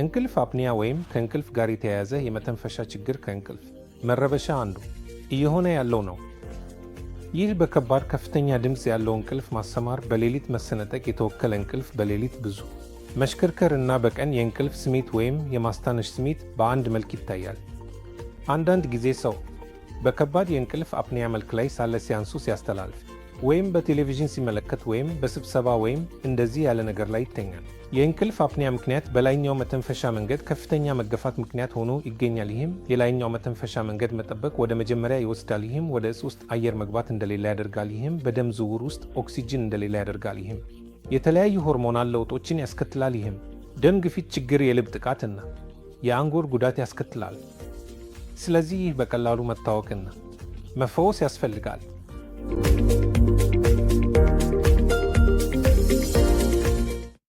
እንቅልፍ አፕኒያ ወይም ከእንቅልፍ ጋር የተያያዘ የመተንፈሻ ችግር ከእንቅልፍ መረበሻ አንዱ እየሆነ ያለው ነው። ይህ በከባድ ከፍተኛ ድምፅ ያለው እንቅልፍ ማሰማር፣ በሌሊት መሰነጠቅ፣ የተወከለ እንቅልፍ፣ በሌሊት ብዙ መሽከርከር እና በቀን የእንቅልፍ ስሜት ወይም የማስታነሽ ስሜት በአንድ መልክ ይታያል። አንዳንድ ጊዜ ሰው በከባድ የእንቅልፍ አፕኒያ መልክ ላይ ሳለ ሲያንሱ ሲያስተላልፍ ወይም በቴሌቪዥን ሲመለከት ወይም በስብሰባ ወይም እንደዚህ ያለ ነገር ላይ ይተኛል። የእንቅልፍ አፕኒያ ምክንያት በላይኛው መተንፈሻ መንገድ ከፍተኛ መገፋት ምክንያት ሆኖ ይገኛል። ይህም የላይኛው መተንፈሻ መንገድ መጠበቅ ወደ መጀመሪያ ይወስዳል። ይህም ወደ እጽ ውስጥ አየር መግባት እንደሌላ ያደርጋል። ይህም በደም ዝውውር ውስጥ ኦክሲጅን እንደሌላ ያደርጋል። ይህም የተለያዩ ሆርሞናል ለውጦችን ያስከትላል። ይህም ደም ግፊት ችግር፣ የልብ ጥቃትና የአንጎር ጉዳት ያስከትላል። ስለዚህ ይህ በቀላሉ መታወቅና መፈወስ ያስፈልጋል።